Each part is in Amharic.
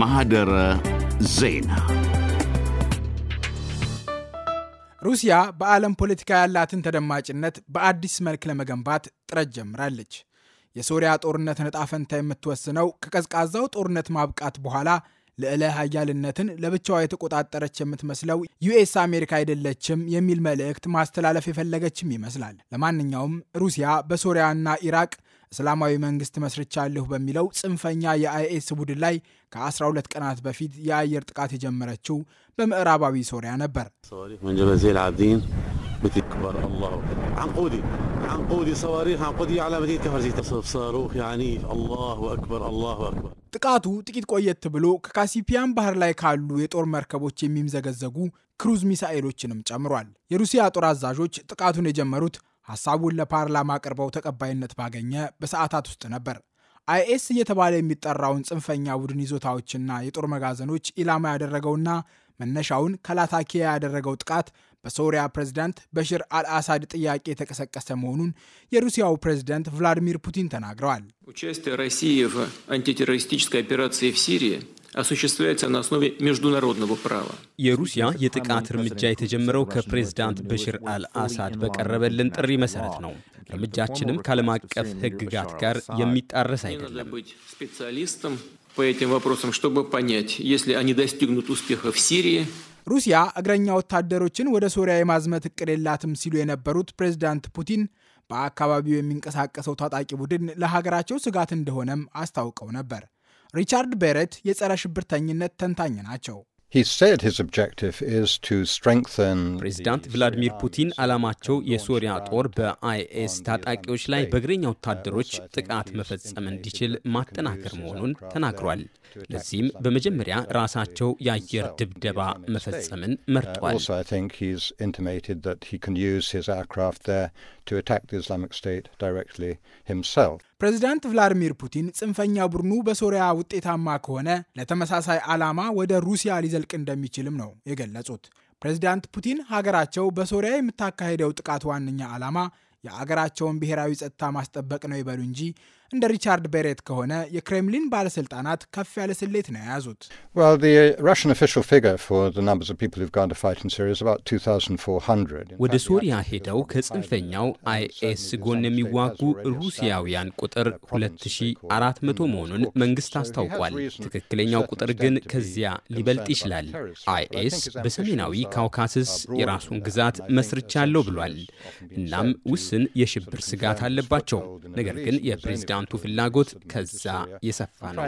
ማህደረ ዜና ሩሲያ በዓለም ፖለቲካ ያላትን ተደማጭነት በአዲስ መልክ ለመገንባት ጥረት ጀምራለች። የሶሪያ ጦርነት ዕጣ ፈንታ የምትወስነው ከቀዝቃዛው ጦርነት ማብቃት በኋላ ልዕለ ሀያልነትን ለብቻዋ የተቆጣጠረች የምትመስለው ዩኤስ አሜሪካ አይደለችም የሚል መልእክት ማስተላለፍ የፈለገችም ይመስላል። ለማንኛውም ሩሲያ በሶሪያና ኢራቅ እስላማዊ መንግስት መስርቻለሁ በሚለው ጽንፈኛ የአይኤስ ቡድን ላይ ከ12 ቀናት በፊት የአየር ጥቃት የጀመረችው በምዕራባዊ ሶሪያ ነበር። ጥቃቱ ጥቂት ቆየት ብሎ ከካሲፒያን ባህር ላይ ካሉ የጦር መርከቦች የሚምዘገዘጉ ክሩዝ ሚሳኤሎችንም ጨምሯል። የሩሲያ ጦር አዛዦች ጥቃቱን የጀመሩት ሐሳቡን ለፓርላማ አቅርበው ተቀባይነት ባገኘ በሰዓታት ውስጥ ነበር አይኤስ እየተባለ የሚጠራውን ጽንፈኛ ቡድን ይዞታዎችና የጦር መጋዘኖች ኢላማ ያደረገውና መነሻውን ከላታኪያ ያደረገው ጥቃት በሶሪያ ፕሬዝዳንት በሽር አልአሳድ ጥያቄ የተቀሰቀሰ መሆኑን የሩሲያው ፕሬዝዳንት ቭላዲሚር ፑቲን ተናግረዋል። осуществляется на основе международного права። የሩሲያ የጥቃት እርምጃ የተጀመረው ከፕሬዝዳንት በሽር አልአሳድ በቀረበልን ጥሪ መሰረት ነው። እርምጃችንም ከዓለም አቀፍ ሕግጋት ጋር የሚጣረስ አይደለም። по этим вопросам, чтобы понять, если они достигнут успеха в Сирии, ሩሲያ እግረኛ ወታደሮችን ወደ ሶሪያ የማዝመት እቅድ የላትም ሲሉ የነበሩት ፕሬዝዳንት ፑቲን በአካባቢው የሚንቀሳቀሰው ታጣቂ ቡድን ለሀገራቸው ስጋት እንደሆነም አስታውቀው ነበር። ሪቻርድ ቤረት የጸረ ሽብርተኝነት ተንታኝ ናቸው። ፕሬዚዳንት ቭላዲሚር ፑቲን ዓላማቸው የሶሪያ ጦር በአይኤስ ታጣቂዎች ላይ በእግረኛ ወታደሮች ጥቃት መፈጸም እንዲችል ማጠናከር መሆኑን ተናግሯል። ለዚህም በመጀመሪያ ራሳቸው የአየር ድብደባ መፈጸምን መርጧል። ፕሬዚዳንት ቭላዲሚር ፑቲን ጽንፈኛ ቡድኑ በሶሪያ ውጤታማ ከሆነ ለተመሳሳይ ዓላማ ወደ ሩሲያ ሊዘልቅ እንደሚችልም ነው የገለጹት። ፕሬዚዳንት ፑቲን ሀገራቸው በሶሪያ የምታካሄደው ጥቃት ዋነኛ ዓላማ የአገራቸውን ብሔራዊ ጸጥታ ማስጠበቅ ነው ይበሉ እንጂ እንደ ሪቻርድ ቤሬት ከሆነ የክሬምሊን ባለስልጣናት ከፍ ያለ ስሌት ነው የያዙት። uh, ወደ ሶሪያ ሄደው ከጽንፈኛው አይኤስ ጎን የሚዋጉ ሩሲያውያን ቁጥር 2400 mm. መሆኑን መንግስት አስታውቋል። ትክክለኛው ቁጥር ግን ከዚያ ሊበልጥ ይችላል። አይኤስ በሰሜናዊ ካውካስስ የራሱን ግዛት መስርቻለሁ ብሏል። እናም ውስን የሽብር ስጋት አለባቸው። ነገር ግን የፕሬዚዳንት የፕሬዝዳንቱ ፍላጎት ከዛ የሰፋ ነው።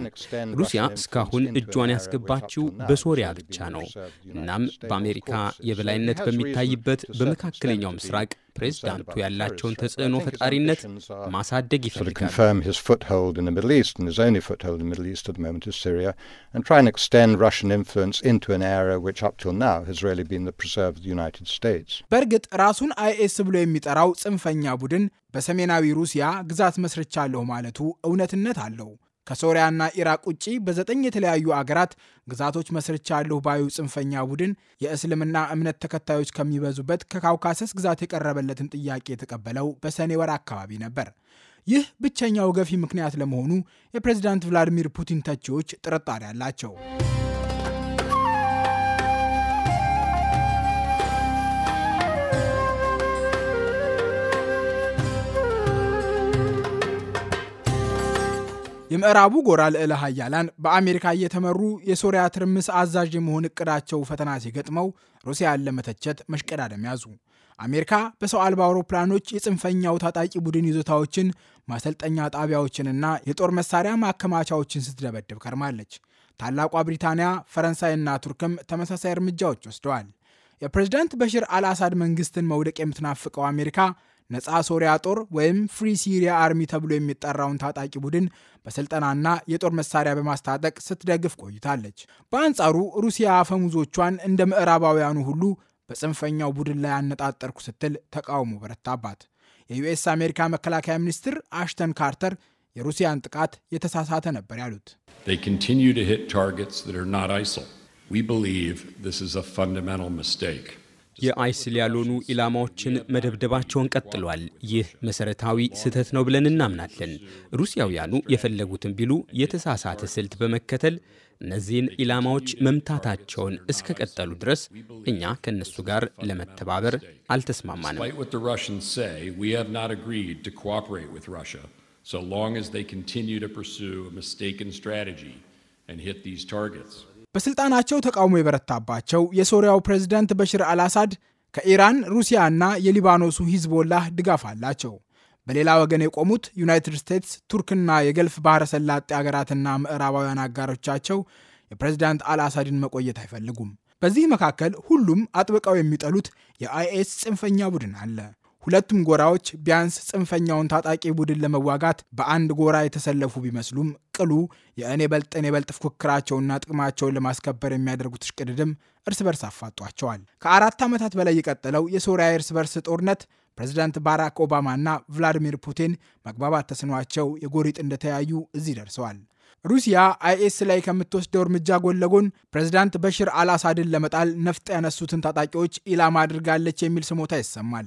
ሩሲያ እስካሁን እጇን ያስገባችው በሶሪያ ብቻ ነው። እናም በአሜሪካ የበላይነት በሚታይበት በመካከለኛው ምስራቅ ፕሬዝዳንቱ ያላቸውን ተጽዕኖ ፈጣሪነት ማሳደግ ይፈልጋል። በእርግጥ ራሱን አይኤስ ብሎ የሚጠራው ጽንፈኛ ቡድን በሰሜናዊ ሩሲያ ግዛት መስርቻለሁ ማለቱ እውነትነት አለው። ከሶሪያና ኢራቅ ውጪ በዘጠኝ የተለያዩ አገራት ግዛቶች መስርቻለሁ ባዩ ጽንፈኛ ቡድን የእስልምና እምነት ተከታዮች ከሚበዙበት ከካውካሰስ ግዛት የቀረበለትን ጥያቄ የተቀበለው በሰኔ ወር አካባቢ ነበር። ይህ ብቸኛው ገፊ ምክንያት ለመሆኑ የፕሬዝዳንት ቭላዲሚር ፑቲን ተቺዎች ጥርጣሬ አላቸው። የምዕራቡ ጎራ ልዕለ ሀያላን በአሜሪካ እየተመሩ የሶሪያ ትርምስ አዛዥ የመሆን እቅዳቸው ፈተና ሲገጥመው ሩሲያን ለመተቸት መሽቀዳደም ያዙ። አሜሪካ በሰው አልባ አውሮፕላኖች የጽንፈኛው ታጣቂ ቡድን ይዞታዎችን፣ ማሰልጠኛ ጣቢያዎችንና የጦር መሳሪያ ማከማቻዎችን ስትደበድብ ከርማለች። ታላቋ ብሪታንያ፣ ፈረንሳይና ቱርክም ተመሳሳይ እርምጃዎች ወስደዋል። የፕሬዝዳንት በሽር አልአሳድ መንግስትን መውደቅ የምትናፍቀው አሜሪካ ነፃ ሶሪያ ጦር ወይም ፍሪ ሲሪያ አርሚ ተብሎ የሚጠራውን ታጣቂ ቡድን በስልጠናና የጦር መሳሪያ በማስታጠቅ ስትደግፍ ቆይታለች። በአንጻሩ ሩሲያ አፈሙዞቿን እንደ ምዕራባውያኑ ሁሉ በጽንፈኛው ቡድን ላይ አነጣጠርኩ ስትል ተቃውሞ በረታባት። የዩኤስ አሜሪካ መከላከያ ሚኒስትር አሽተን ካርተር የሩሲያን ጥቃት የተሳሳተ ነበር ያሉት ሪ የአይስል ያልሆኑ ኢላማዎችን መደብደባቸውን ቀጥሏል። ይህ መሰረታዊ ስህተት ነው ብለን እናምናለን። ሩሲያውያኑ የፈለጉትን ቢሉ የተሳሳተ ስልት በመከተል እነዚህን ኢላማዎች መምታታቸውን እስከቀጠሉ ድረስ እኛ ከእነሱ ጋር ለመተባበር አልተስማማንም። በስልጣናቸው ተቃውሞ የበረታባቸው የሶሪያው ፕሬዝዳንት በሽር አልአሳድ ከኢራን ሩሲያ እና የሊባኖሱ ሂዝቦላህ ድጋፍ አላቸው። በሌላ ወገን የቆሙት ዩናይትድ ስቴትስ፣ ቱርክና የገልፍ ባህረ ሰላጤ ሀገራትና ምዕራባውያን አጋሮቻቸው የፕሬዝዳንት አልአሳድን መቆየት አይፈልጉም። በዚህ መካከል ሁሉም አጥብቀው የሚጠሉት የአይኤስ ጽንፈኛ ቡድን አለ። ሁለቱም ጎራዎች ቢያንስ ጽንፈኛውን ታጣቂ ቡድን ለመዋጋት በአንድ ጎራ የተሰለፉ ቢመስሉም ቅሉ የእኔ በልጥ የበልጥ በልጥ ፉክክራቸውና ጥቅማቸውን ለማስከበር የሚያደርጉት እሽቅድድም እርስ በርስ አፋጧቸዋል። ከአራት ዓመታት በላይ የቀጠለው የሶሪያ የእርስ በርስ ጦርነት ፕሬዚዳንት ባራክ ኦባማና ቭላዲሚር ፑቲን መግባባት ተስኗቸው የጎሪጥ እንደተያዩ እዚህ ደርሰዋል። ሩሲያ አይኤስ ላይ ከምትወስደው እርምጃ ጎን ለጎን ፕሬዚዳንት በሽር አልአሳድን ለመጣል ነፍጥ ያነሱትን ታጣቂዎች ኢላማ አድርጋለች የሚል ስሞታ ይሰማል።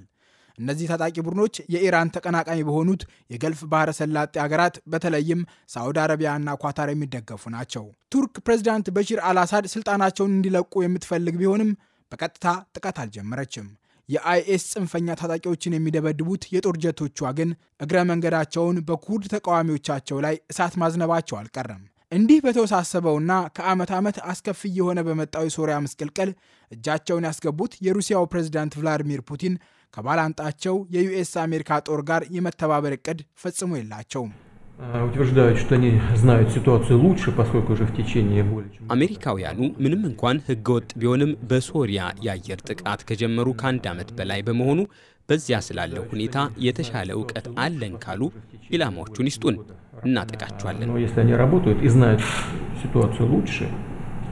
እነዚህ ታጣቂ ቡድኖች የኢራን ተቀናቃኝ በሆኑት የገልፍ ባህረ ሰላጤ ሀገራት በተለይም ሳዑዲ አረቢያና ኳታር የሚደገፉ ናቸው። ቱርክ ፕሬዚዳንት በሺር አልአሳድ ስልጣናቸውን እንዲለቁ የምትፈልግ ቢሆንም በቀጥታ ጥቃት አልጀመረችም። የአይኤስ ጽንፈኛ ታጣቂዎችን የሚደበድቡት የጦር ጀቶቿ ግን እግረ መንገዳቸውን በኩርድ ተቃዋሚዎቻቸው ላይ እሳት ማዝነባቸው አልቀረም። እንዲህ በተወሳሰበውና ከዓመት ዓመት አስከፊ የሆነ በመጣው የሶሪያ ምስቅልቅል እጃቸውን ያስገቡት የሩሲያው ፕሬዝዳንት ቭላዲሚር ፑቲን ከባላንጣቸው የዩኤስ አሜሪካ ጦር ጋር የመተባበር እቅድ ፈጽሞ የላቸውም። uh, አሜሪካውያኑ ምንም እንኳን ህገወጥ ቢሆንም በሶሪያ የአየር ጥቃት ከጀመሩ ከአንድ ዓመት በላይ በመሆኑ በዚያ ስላለው ሁኔታ የተሻለ እውቀት አለን ካሉ ኢላማዎቹን ይስጡን፣ እናጠቃቸዋለን።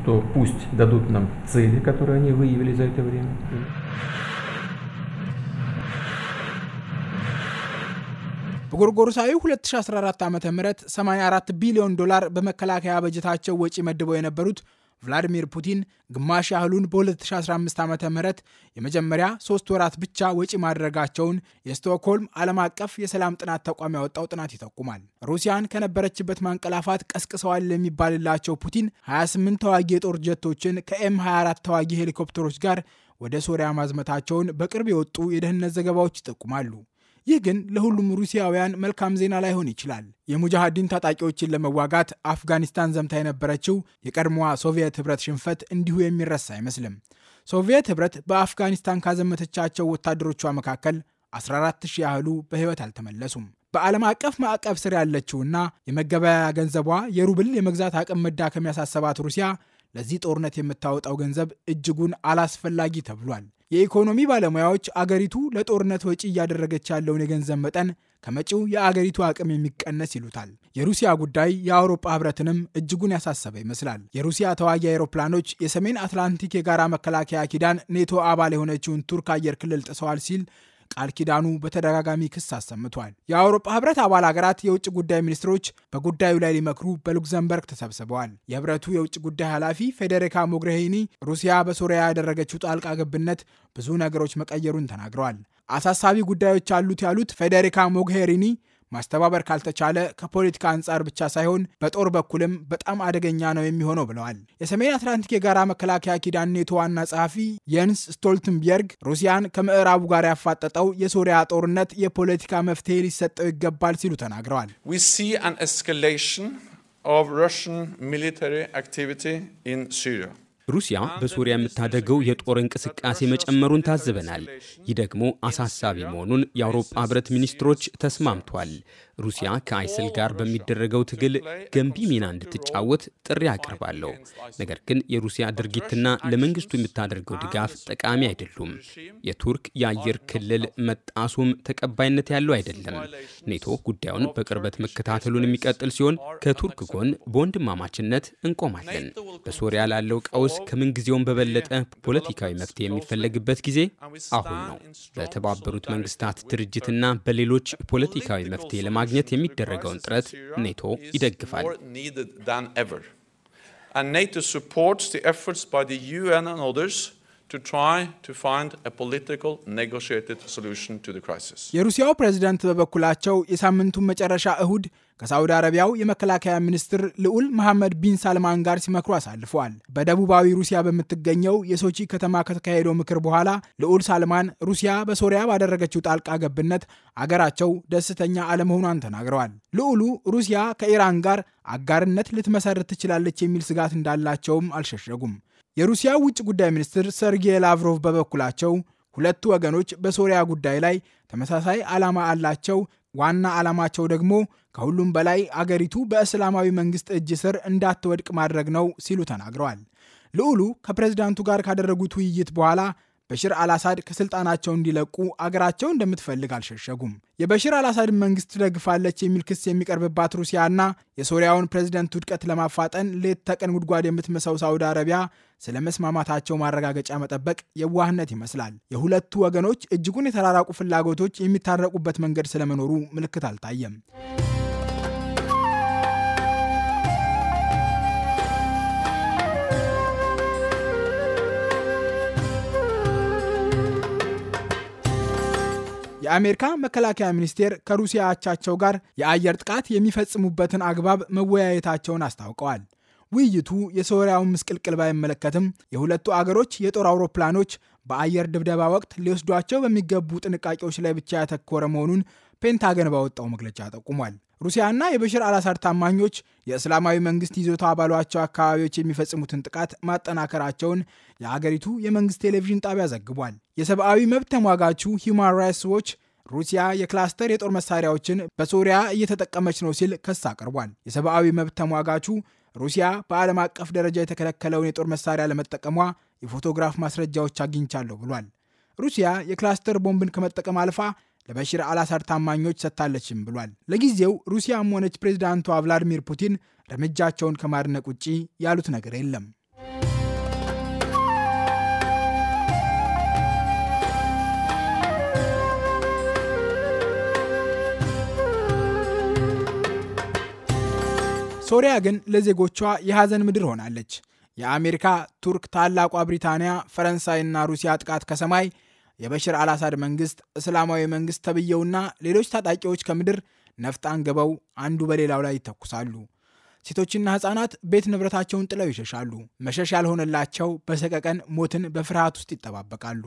то пусть дадут нам цели, которые они выявили за это время. በጎርጎርሳዊ 2014 ዓ ም 84 ቢሊዮን ዶላር በመከላከያ በጀታቸው ወጪ መድበው የነበሩት ቭላዲሚር ፑቲን ግማሽ ያህሉን በ2015 ዓ ም የመጀመሪያ ሶስት ወራት ብቻ ወጪ ማድረጋቸውን የስቶክሆልም ዓለም አቀፍ የሰላም ጥናት ተቋም ያወጣው ጥናት ይጠቁማል። ሩሲያን ከነበረችበት ማንቀላፋት ቀስቅሰዋል የሚባልላቸው ፑቲን 28 ተዋጊ የጦር ጀቶችን ከኤም 24 ተዋጊ ሄሊኮፕተሮች ጋር ወደ ሶሪያ ማዝመታቸውን በቅርብ የወጡ የደህንነት ዘገባዎች ይጠቁማሉ። ይህ ግን ለሁሉም ሩሲያውያን መልካም ዜና ላይሆን ይችላል። የሙጃሃዲን ታጣቂዎችን ለመዋጋት አፍጋኒስታን ዘምታ የነበረችው የቀድሞዋ ሶቪየት ህብረት ሽንፈት እንዲሁ የሚረሳ አይመስልም። ሶቪየት ህብረት በአፍጋኒስታን ካዘመተቻቸው ወታደሮቿ መካከል 14000 ያህሉ በህይወት አልተመለሱም። በዓለም አቀፍ ማዕቀብ ስር ያለችውና የመገበያያ ገንዘቧ የሩብል የመግዛት አቅም መዳከም ያሳሰባት ሩሲያ ለዚህ ጦርነት የምታወጣው ገንዘብ እጅጉን አላስፈላጊ ተብሏል። የኢኮኖሚ ባለሙያዎች አገሪቱ ለጦርነት ወጪ እያደረገች ያለውን የገንዘብ መጠን ከመጪው የአገሪቱ አቅም የሚቀነስ ይሉታል። የሩሲያ ጉዳይ የአውሮፓ ሕብረትንም እጅጉን ያሳሰበ ይመስላል። የሩሲያ ተዋጊ አውሮፕላኖች የሰሜን አትላንቲክ የጋራ መከላከያ ኪዳን ኔቶ አባል የሆነችውን ቱርክ አየር ክልል ጥሰዋል ሲል ቃል ኪዳኑ በተደጋጋሚ ክስ አሰምቷል። የአውሮፓ ህብረት አባል ሀገራት የውጭ ጉዳይ ሚኒስትሮች በጉዳዩ ላይ ሊመክሩ በሉክዘምበርግ ተሰብስበዋል። የህብረቱ የውጭ ጉዳይ ኃላፊ ፌዴሪካ ሞግሬሂኒ ሩሲያ በሶሪያ ያደረገችው ጣልቃ ገብነት ብዙ ነገሮች መቀየሩን ተናግረዋል። አሳሳቢ ጉዳዮች አሉት ያሉት ፌዴሪካ ሞግሄሪኒ ማስተባበር ካልተቻለ ከፖለቲካ አንጻር ብቻ ሳይሆን በጦር በኩልም በጣም አደገኛ ነው የሚሆነው ብለዋል። የሰሜን አትላንቲክ የጋራ መከላከያ ኪዳን ኔቶ ዋና ጸሐፊ የንስ ስቶልትንበርግ ሩሲያን ከምዕራቡ ጋር ያፋጠጠው የሶሪያ ጦርነት የፖለቲካ መፍትሄ ሊሰጠው ይገባል ሲሉ ተናግረዋል። ሲ አን ኦፍ ሩሽን ሚሊታሪ አክቲቪቲ ኢን ሲሪያ ሩሲያ በሶሪያ የምታደገው የጦር እንቅስቃሴ መጨመሩን ታዝበናል። ይህ ደግሞ አሳሳቢ መሆኑን የአውሮፓ ህብረት ሚኒስትሮች ተስማምቷል። ሩሲያ ከአይስል ጋር በሚደረገው ትግል ገንቢ ሚና እንድትጫወት ጥሪ አቀርባለሁ። ነገር ግን የሩሲያ ድርጊትና ለመንግስቱ የምታደርገው ድጋፍ ጠቃሚ አይደሉም። የቱርክ የአየር ክልል መጣሱም ተቀባይነት ያለው አይደለም። ኔቶ ጉዳዩን በቅርበት መከታተሉን የሚቀጥል ሲሆን ከቱርክ ጎን በወንድማማችነት እንቆማለን። በሶሪያ ላለው ቀውስ ከምንጊዜውም በበለጠ ፖለቲካዊ መፍትሄ የሚፈለግበት ጊዜ አሁን ነው። በተባበሩት መንግስታት ድርጅትና በሌሎች ፖለቲካዊ መፍትሄ ለማ ለማግኘት የሚደረገውን ጥረት ኔቶ ይደግፋል። And NATO supports the efforts by the UN and others to try to find a political negotiated solution to the crisis. የሩሲያው ፕሬዝዳንት በበኩላቸው የሳምንቱን መጨረሻ እሁድ ከሳውዲ አረቢያው የመከላከያ ሚኒስትር ልዑል መሐመድ ቢን ሳልማን ጋር ሲመክሩ አሳልፈዋል። በደቡባዊ ሩሲያ በምትገኘው የሶቺ ከተማ ከተካሄደው ምክር በኋላ ልዑል ሳልማን ሩሲያ በሶሪያ ባደረገችው ጣልቃ ገብነት አገራቸው ደስተኛ አለመሆኗን ተናግረዋል። ልዑሉ ሩሲያ ከኢራን ጋር አጋርነት ልትመሰርት ትችላለች የሚል ስጋት እንዳላቸውም አልሸሸጉም። የሩሲያ ውጭ ጉዳይ ሚኒስትር ሰርጌይ ላቭሮቭ በበኩላቸው ሁለቱ ወገኖች በሶሪያ ጉዳይ ላይ ተመሳሳይ ዓላማ አላቸው። ዋና ዓላማቸው ደግሞ ከሁሉም በላይ አገሪቱ በእስላማዊ መንግስት እጅ ስር እንዳትወድቅ ማድረግ ነው ሲሉ ተናግረዋል። ልዑሉ ከፕሬዝዳንቱ ጋር ካደረጉት ውይይት በኋላ በሽር አልአሳድ ከስልጣናቸው እንዲለቁ አገራቸው እንደምትፈልግ አልሸሸጉም። የበሽር አልአሳድን መንግስት ትደግፋለች የሚል ክስ የሚቀርብባት ሩሲያና የሶሪያውን ፕሬዝደንት ውድቀት ለማፋጠን ሌት ተቀን ጉድጓድ የምትመሰው ሳውዲ አረቢያ ስለ መስማማታቸው ማረጋገጫ መጠበቅ የዋህነት ይመስላል። የሁለቱ ወገኖች እጅጉን የተራራቁ ፍላጎቶች የሚታረቁበት መንገድ ስለመኖሩ ምልክት አልታየም። የአሜሪካ መከላከያ ሚኒስቴር ከሩሲያ አቻቸው ጋር የአየር ጥቃት የሚፈጽሙበትን አግባብ መወያየታቸውን አስታውቀዋል። ውይይቱ የሶሪያውን ምስቅልቅል ባይመለከትም የሁለቱ አገሮች የጦር አውሮፕላኖች በአየር ድብደባ ወቅት ሊወስዷቸው በሚገቡ ጥንቃቄዎች ላይ ብቻ ያተኮረ መሆኑን ፔንታገን ባወጣው መግለጫ ጠቁሟል። ሩሲያና የበሽር አላሳድ ታማኞች የእስላማዊ መንግስት ይዞታ ባሏቸው አካባቢዎች የሚፈጽሙትን ጥቃት ማጠናከራቸውን የአገሪቱ የመንግስት ቴሌቪዥን ጣቢያ ዘግቧል። የሰብአዊ መብት ተሟጋቹ ሂውማን ራይትስ ዎች ሩሲያ የክላስተር የጦር መሳሪያዎችን በሶሪያ እየተጠቀመች ነው ሲል ክስ አቅርቧል። የሰብአዊ መብት ተሟጋቹ ሩሲያ በዓለም አቀፍ ደረጃ የተከለከለውን የጦር መሳሪያ ለመጠቀሟ የፎቶግራፍ ማስረጃዎች አግኝቻለሁ ብሏል። ሩሲያ የክላስተር ቦምብን ከመጠቀም አልፋ ለበሽር አላሳድ ታማኞች ሰጥታለችም ብሏል። ለጊዜው ሩሲያም ሆነች ፕሬዚዳንቷ ቭላዲሚር ፑቲን እርምጃቸውን ከማድነቅ ውጪ ያሉት ነገር የለም። ሶሪያ ግን ለዜጎቿ የሐዘን ምድር ሆናለች። የአሜሪካ፣ ቱርክ፣ ታላቋ ብሪታንያ፣ ፈረንሳይና ሩሲያ ጥቃት ከሰማይ የበሽር አልአሳድ መንግስት እስላማዊ መንግስት ተብየውና ሌሎች ታጣቂዎች ከምድር ነፍጣን ገበው አንዱ በሌላው ላይ ይተኩሳሉ። ሴቶችና ህጻናት ቤት ንብረታቸውን ጥለው ይሸሻሉ። መሸሽ ያልሆነላቸው በሰቀቀን ሞትን በፍርሃት ውስጥ ይጠባበቃሉ።